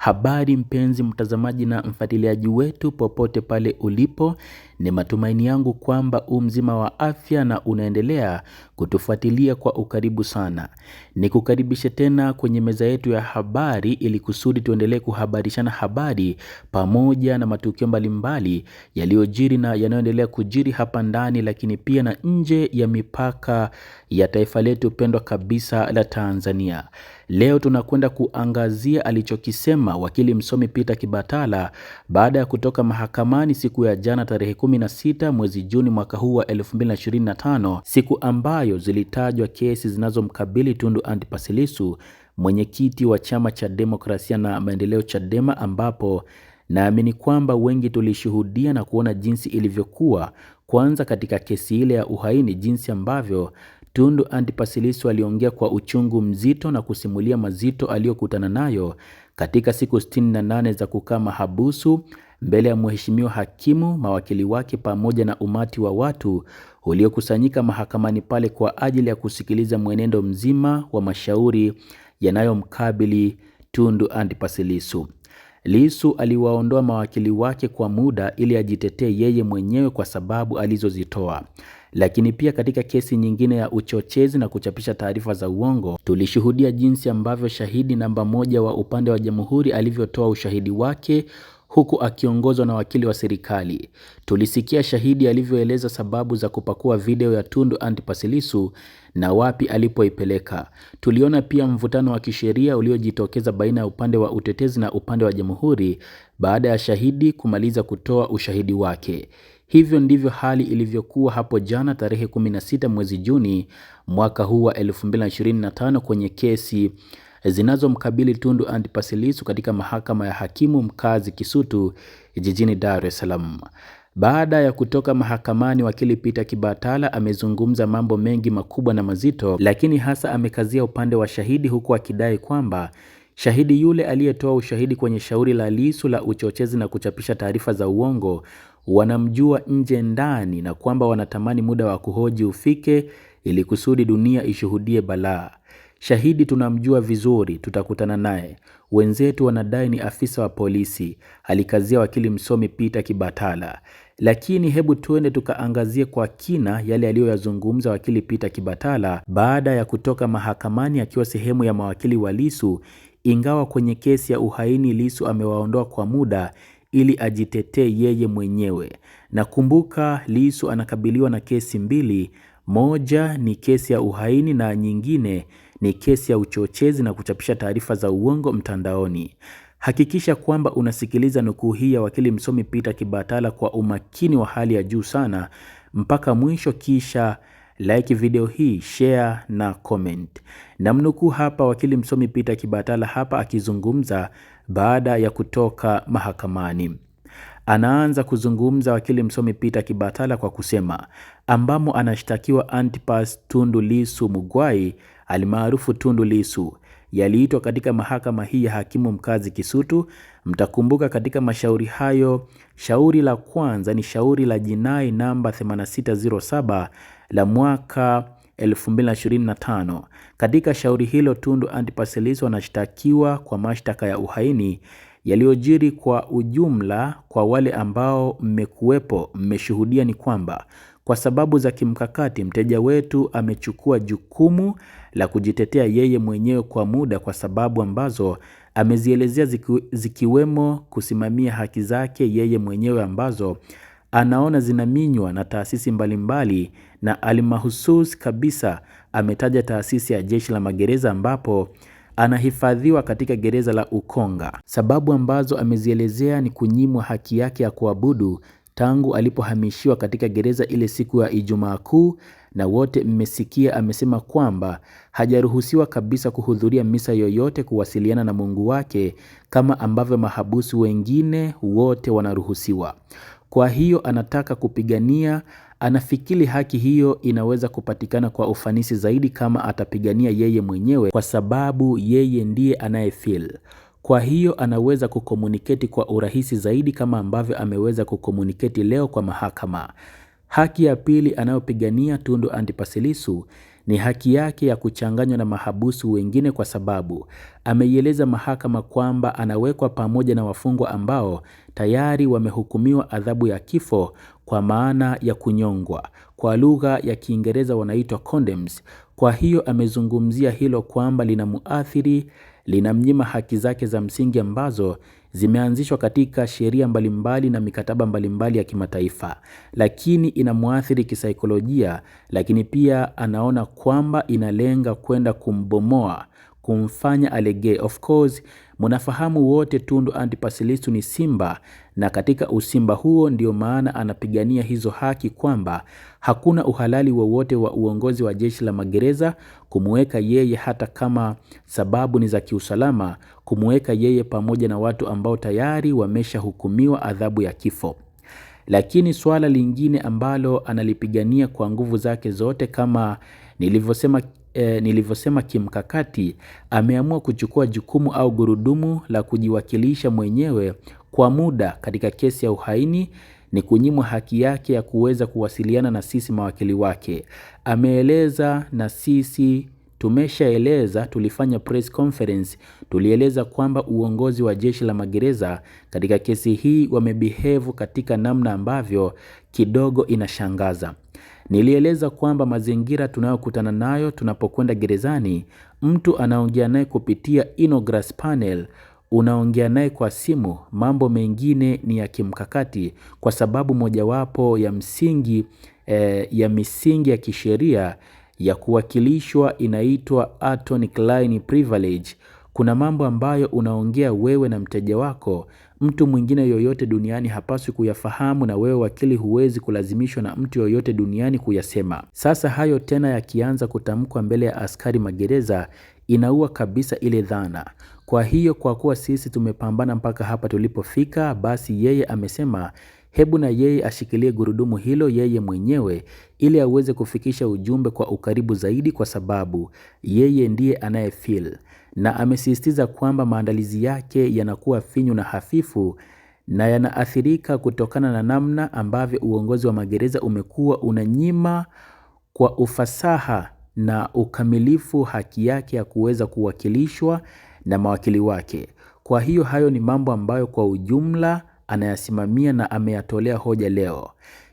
Habari mpenzi mtazamaji na mfuatiliaji wetu popote pale ulipo, ni matumaini yangu kwamba u mzima wa afya na unaendelea kutufuatilia kwa ukaribu sana. Nikukaribishe tena kwenye meza yetu ya habari ili kusudi tuendelee kuhabarishana habari pamoja na matukio mbalimbali yaliyojiri na yanayoendelea kujiri hapa ndani, lakini pia na nje ya mipaka ya taifa letu pendwa kabisa la Tanzania. Leo tunakwenda kuangazia alichokisema Chadema wakili msomi Peter Kibatala baada ya kutoka mahakamani siku ya jana tarehe 16 mwezi Juni mwaka huu wa 2025, siku ambayo zilitajwa kesi zinazomkabili Tundu Antipas Lissu, mwenyekiti wa chama cha demokrasia na maendeleo Chadema, ambapo naamini kwamba wengi tulishuhudia na kuona jinsi ilivyokuwa, kwanza katika kesi ile ya uhaini, jinsi ambavyo Tundu Antipas Lissu aliongea kwa uchungu mzito na kusimulia mazito aliyokutana nayo katika siku 68 za kukaa mahabusu mbele ya mheshimiwa hakimu, mawakili wake pamoja na umati wa watu uliokusanyika mahakamani pale kwa ajili ya kusikiliza mwenendo mzima wa mashauri yanayomkabili Tundu Antipas Lissu. Lissu aliwaondoa mawakili wake kwa muda ili ajitetee yeye mwenyewe kwa sababu alizozitoa. Lakini pia katika kesi nyingine ya uchochezi na kuchapisha taarifa za uongo, tulishuhudia jinsi ambavyo shahidi namba moja wa upande wa jamhuri alivyotoa ushahidi wake huku akiongozwa na wakili wa serikali. Tulisikia shahidi alivyoeleza sababu za kupakua video ya Tundu Antipas Lissu na wapi alipoipeleka. Tuliona pia mvutano wa kisheria uliojitokeza baina ya upande wa utetezi na upande wa jamhuri baada ya shahidi kumaliza kutoa ushahidi wake. Hivyo ndivyo hali ilivyokuwa hapo jana tarehe 16 mwezi Juni mwaka huu wa 2025 kwenye kesi zinazomkabili Tundu Antipas Lissu katika mahakama ya hakimu mkazi Kisutu jijini Dar es Salaam. Baada ya kutoka mahakamani, wakili Peter Kibatala amezungumza mambo mengi makubwa na mazito, lakini hasa amekazia upande wa shahidi, huku akidai kwamba shahidi yule aliyetoa ushahidi kwenye shauri la Lissu la uchochezi na kuchapisha taarifa za uongo wanamjua nje ndani, na kwamba wanatamani muda wa kuhoji ufike ili kusudi dunia ishuhudie balaa. Shahidi tunamjua vizuri, tutakutana naye. Wenzetu wanadai ni afisa wa polisi, alikazia wakili msomi Peter Kibatala. Lakini hebu twende tukaangazie kwa kina yale aliyoyazungumza wakili Peter Kibatala baada ya kutoka mahakamani akiwa sehemu ya mawakili wa lisu Ingawa kwenye kesi ya uhaini lisu amewaondoa kwa muda, ili ajitetee yeye mwenyewe. Na kumbuka, lisu anakabiliwa na kesi mbili, moja ni kesi ya uhaini na nyingine ni kesi ya uchochezi na kuchapisha taarifa za uongo mtandaoni. Hakikisha kwamba unasikiliza nukuu hii ya wakili msomi Peter Kibatala kwa umakini wa hali ya juu sana mpaka mwisho, kisha like video hii, share na comment. Namnukuu hapa wakili msomi Peter Kibatala hapa akizungumza baada ya kutoka mahakamani. Anaanza kuzungumza wakili msomi Peter Kibatala kwa kusema ambamo anashtakiwa Antipas Tundu Lisu Mugwai alimaarufu Tundu Lisu yaliitwa katika mahakama hii ya hakimu mkazi Kisutu. Mtakumbuka katika mashauri hayo, shauri la kwanza ni shauri la jinai namba 8607 la mwaka 2025. Katika shauri hilo, Tundu Antipas Lissu anashtakiwa kwa mashtaka ya uhaini yaliyojiri kwa ujumla. Kwa wale ambao mmekuwepo, mmeshuhudia ni kwamba kwa sababu za kimkakati, mteja wetu amechukua jukumu la kujitetea yeye mwenyewe kwa muda, kwa sababu ambazo amezielezea zikiwemo kusimamia haki zake yeye mwenyewe ambazo anaona zinaminywa na taasisi mbalimbali na alimahusus kabisa ametaja taasisi ya jeshi la magereza ambapo anahifadhiwa katika gereza la Ukonga. Sababu ambazo amezielezea ni kunyimwa haki yake ya kuabudu tangu alipohamishiwa katika gereza ile siku ya Ijumaa Kuu, na wote mmesikia, amesema kwamba hajaruhusiwa kabisa kuhudhuria misa yoyote, kuwasiliana na Mungu wake kama ambavyo mahabusu wengine wote wanaruhusiwa. Kwa hiyo anataka kupigania, anafikiri haki hiyo inaweza kupatikana kwa ufanisi zaidi kama atapigania yeye mwenyewe, kwa sababu yeye ndiye anayefeel. Kwa hiyo anaweza kukomuniketi kwa urahisi zaidi kama ambavyo ameweza kukomuniketi leo kwa mahakama. Haki ya pili anayopigania Tundu Antipasilisu ni haki yake ya kuchanganywa na mahabusu wengine kwa sababu ameieleza mahakama kwamba anawekwa pamoja na wafungwa ambao tayari wamehukumiwa adhabu ya kifo kwa maana ya kunyongwa. Kwa lugha ya Kiingereza wanaitwa Kwa hiyo amezungumzia hilo kwamba lina muathiri linamnyima haki zake za msingi ambazo zimeanzishwa katika sheria mbalimbali na mikataba mbalimbali ya kimataifa, lakini inamwathiri kisaikolojia, lakini pia anaona kwamba inalenga kwenda kumbomoa kumfanya alegee. Of course mnafahamu wote Tundu Antipas Lissu ni Simba, na katika usimba huo ndio maana anapigania hizo haki, kwamba hakuna uhalali wowote wa, wa uongozi wa jeshi la magereza kumweka yeye, hata kama sababu ni za kiusalama, kumweka yeye pamoja na watu ambao tayari wameshahukumiwa adhabu ya kifo. Lakini suala lingine ambalo analipigania kwa nguvu zake zote, kama nilivyosema e, nilivyosema kimkakati, ameamua kuchukua jukumu au gurudumu la kujiwakilisha mwenyewe kwa muda katika kesi ya uhaini ni kunyimwa haki yake ya kuweza kuwasiliana na sisi mawakili wake. Ameeleza na sisi tumeshaeleza, tulifanya press conference, tulieleza kwamba uongozi wa jeshi la magereza katika kesi hii wamebihevu katika namna ambavyo kidogo inashangaza. Nilieleza kwamba mazingira tunayokutana nayo tunapokwenda gerezani, mtu anaongea naye kupitia Inogress panel, unaongea naye kwa simu. Mambo mengine ni ya kimkakati, kwa sababu mojawapo ya msingi eh, ya misingi ya kisheria ya kuwakilishwa inaitwa attorney client privilege. Kuna mambo ambayo unaongea wewe na mteja wako Mtu mwingine yoyote duniani hapaswi kuyafahamu na wewe wakili huwezi kulazimishwa na mtu yoyote duniani kuyasema. Sasa hayo tena yakianza kutamkwa mbele ya askari magereza inaua kabisa ile dhana. Kwa hiyo kwa kuwa sisi tumepambana mpaka hapa tulipofika, basi yeye amesema hebu na yeye ashikilie gurudumu hilo yeye mwenyewe ili aweze kufikisha ujumbe kwa ukaribu zaidi, kwa sababu yeye ndiye anayefeel na amesisitiza kwamba maandalizi yake yanakuwa finyu na hafifu na yanaathirika kutokana na namna ambavyo uongozi wa magereza umekuwa unanyima kwa ufasaha na ukamilifu haki yake ya kuweza kuwakilishwa na mawakili wake. Kwa hiyo hayo ni mambo ambayo kwa ujumla anayasimamia na ameyatolea hoja leo.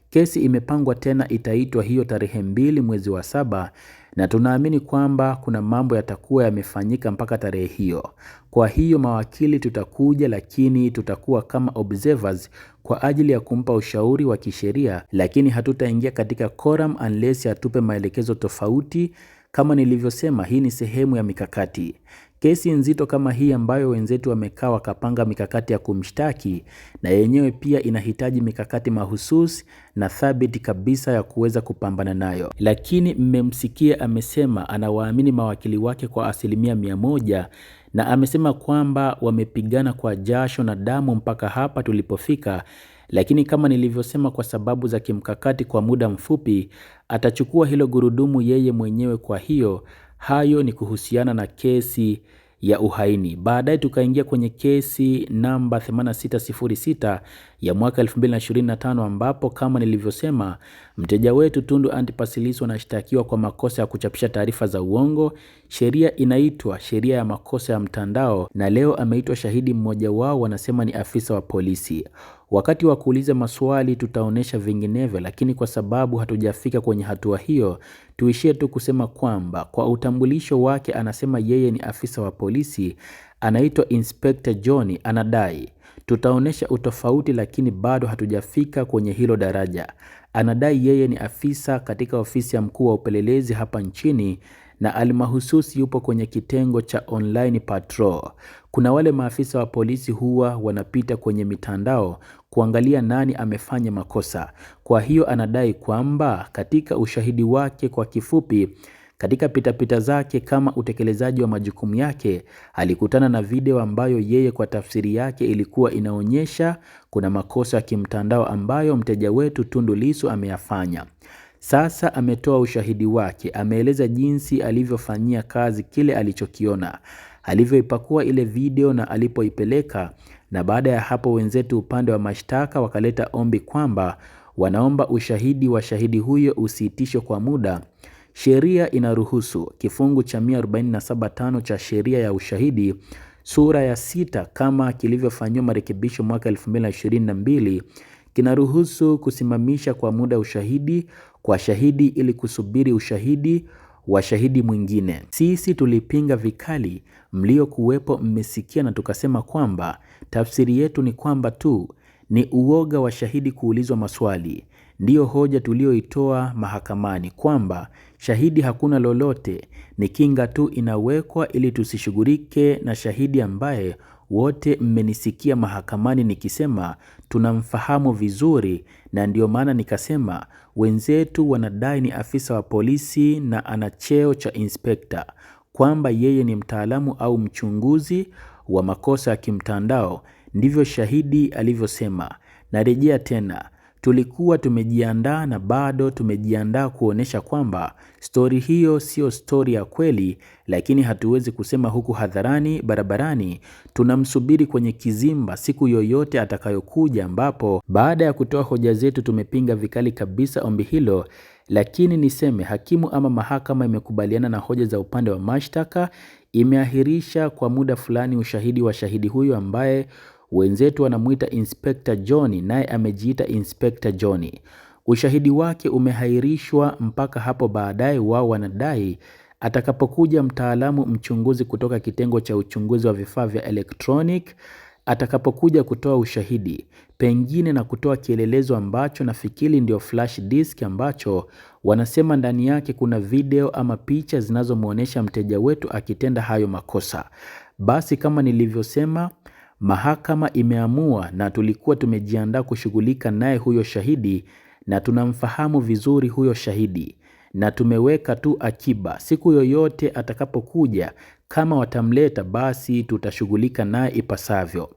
Kesi imepangwa tena itaitwa hiyo tarehe mbili mwezi wa saba na tunaamini kwamba kuna mambo yatakuwa yamefanyika mpaka tarehe hiyo. Kwa hiyo mawakili tutakuja, lakini tutakuwa kama observers kwa ajili ya kumpa ushauri wa kisheria, lakini hatutaingia katika quorum unless atupe maelekezo tofauti. Kama nilivyosema, hii ni sehemu ya mikakati. Kesi nzito kama hii ambayo wenzetu wamekaa wakapanga mikakati ya kumshtaki na yenyewe pia inahitaji mikakati mahususi na thabiti kabisa ya kuweza kupambana nayo. Lakini mmemsikia amesema anawaamini mawakili wake kwa asilimia mia moja na amesema kwamba wamepigana kwa jasho na damu mpaka hapa tulipofika. Lakini kama nilivyosema, kwa sababu za kimkakati, kwa muda mfupi atachukua hilo gurudumu yeye mwenyewe. Kwa hiyo Hayo ni kuhusiana na kesi ya uhaini. Baadaye tukaingia kwenye kesi namba 8606 ya mwaka 2025 ambapo kama nilivyosema, mteja wetu Tundu Antipas Lissu anashtakiwa kwa makosa ya kuchapisha taarifa za uongo. Sheria inaitwa sheria ya makosa ya mtandao, na leo ameitwa shahidi. Mmoja wao wanasema ni afisa wa polisi. Wakati wa kuuliza maswali tutaonyesha vinginevyo, lakini kwa sababu hatujafika kwenye hatua hiyo, tuishie tu kusema kwamba kwa utambulisho wake anasema yeye ni afisa wa polisi, anaitwa Inspector John, anadai. Tutaonyesha utofauti, lakini bado hatujafika kwenye hilo daraja. Anadai yeye ni afisa katika ofisi ya mkuu wa upelelezi hapa nchini na almahususi yupo kwenye kitengo cha online patrol. Kuna wale maafisa wa polisi huwa wanapita kwenye mitandao kuangalia nani amefanya makosa. Kwa hiyo anadai kwamba katika ushahidi wake, kwa kifupi, katika pitapita zake kama utekelezaji wa majukumu yake, alikutana na video ambayo yeye kwa tafsiri yake ilikuwa inaonyesha kuna makosa ya kimtandao ambayo mteja wetu Tundu Lissu ameyafanya. Sasa ametoa ushahidi wake, ameeleza jinsi alivyofanyia kazi kile alichokiona, alivyoipakua ile video na alipoipeleka. Na baada ya hapo, wenzetu upande wa mashtaka wakaleta ombi kwamba wanaomba ushahidi wa shahidi huyo usiitishwe kwa muda. Sheria inaruhusu kifungu cha 1475 cha sheria ya ushahidi sura ya sita kama kilivyofanyiwa marekebisho mwaka 2022 kinaruhusu kusimamisha kwa muda ushahidi kwa shahidi ili kusubiri ushahidi wa shahidi mwingine. Sisi tulipinga vikali mliokuwepo, mmesikia, na tukasema kwamba tafsiri yetu ni kwamba tu ni uoga wa shahidi kuulizwa maswali. Ndiyo hoja tuliyoitoa mahakamani kwamba shahidi hakuna lolote, ni kinga tu inawekwa ili tusishughulike na shahidi ambaye wote mmenisikia mahakamani nikisema tunamfahamu vizuri, na ndiyo maana nikasema wenzetu wanadai ni afisa wa polisi na ana cheo cha inspekta, kwamba yeye ni mtaalamu au mchunguzi wa makosa ya kimtandao. Ndivyo shahidi alivyosema. Narejea tena, tulikuwa tumejiandaa na bado tumejiandaa kuonyesha kwamba stori hiyo siyo stori ya kweli, lakini hatuwezi kusema huku hadharani, barabarani. Tunamsubiri kwenye kizimba siku yoyote atakayokuja, ambapo baada ya kutoa hoja zetu tumepinga vikali kabisa ombi hilo. Lakini niseme hakimu ama mahakama imekubaliana na hoja za upande wa mashtaka, imeahirisha kwa muda fulani ushahidi wa shahidi huyo ambaye Wenzetu wanamuita Inspekta John, naye amejiita Inspekta John. Ushahidi wake umehairishwa mpaka hapo baadaye. Wao wanadai atakapokuja mtaalamu mchunguzi kutoka kitengo cha uchunguzi wa vifaa vya electronic atakapokuja kutoa ushahidi pengine na kutoa kielelezo ambacho nafikiri ndio flash disk ambacho wanasema ndani yake kuna video ama picha zinazomwonyesha mteja wetu akitenda hayo makosa. Basi kama nilivyosema, mahakama imeamua na tulikuwa tumejiandaa kushughulika naye huyo shahidi na tunamfahamu vizuri huyo shahidi na tumeweka tu akiba. Siku yoyote atakapokuja, kama watamleta, basi tutashughulika naye ipasavyo.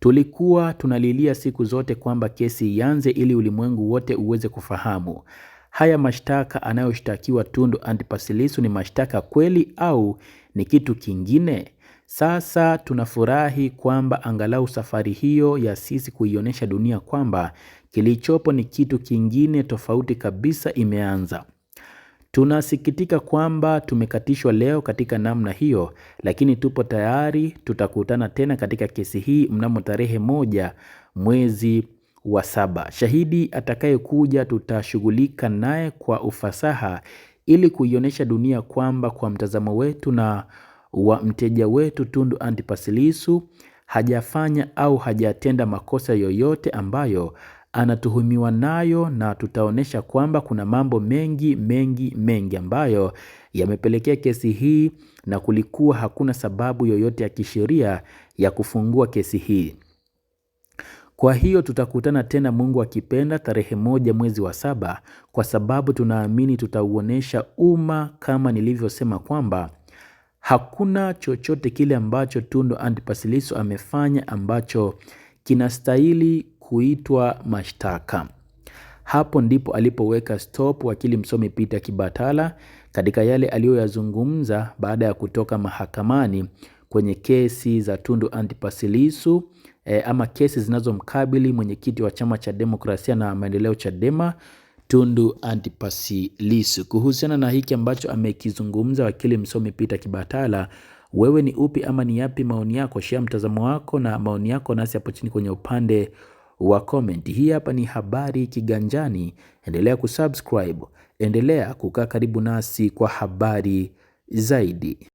Tulikuwa tunalilia siku zote kwamba kesi ianze ili ulimwengu wote uweze kufahamu haya mashtaka anayoshtakiwa Tundu Antipas Lissu ni mashtaka kweli au ni kitu kingine? Sasa tunafurahi kwamba angalau safari hiyo ya sisi kuionyesha dunia kwamba kilichopo ni kitu kingine tofauti kabisa imeanza. Tunasikitika kwamba tumekatishwa leo katika namna hiyo, lakini tupo tayari tutakutana tena katika kesi hii mnamo tarehe moja mwezi wa saba. Shahidi atakayekuja tutashughulika naye kwa ufasaha ili kuionyesha dunia kwamba kwa mtazamo wetu na wa mteja wetu Tundu Antipas Lissu hajafanya au hajatenda makosa yoyote ambayo anatuhumiwa nayo, na tutaonyesha kwamba kuna mambo mengi mengi mengi ambayo yamepelekea kesi hii na kulikuwa hakuna sababu yoyote ya kisheria ya kufungua kesi hii. Kwa hiyo tutakutana tena, Mungu akipenda, tarehe moja mwezi wa saba, kwa sababu tunaamini tutauonesha umma kama nilivyosema kwamba Hakuna chochote kile ambacho Tundu Antipas Lissu amefanya ambacho kinastahili kuitwa mashtaka. Hapo ndipo alipoweka stop wakili msomi Peter Kibatala katika yale aliyoyazungumza baada ya kutoka mahakamani kwenye kesi za Tundu Antipas Lissu eh, ama kesi zinazomkabili mwenyekiti wa chama cha demokrasia na maendeleo Chadema Tundu Antipasi Lissu kuhusiana na hiki ambacho amekizungumza wakili msomi Peter Kibatala. Wewe ni upi ama ni yapi maoni yako? Share mtazamo wako na maoni yako nasi hapo chini kwenye upande wa comment. Hii hapa ni Habari Kiganjani. Endelea kusubscribe, endelea kukaa karibu nasi kwa habari zaidi.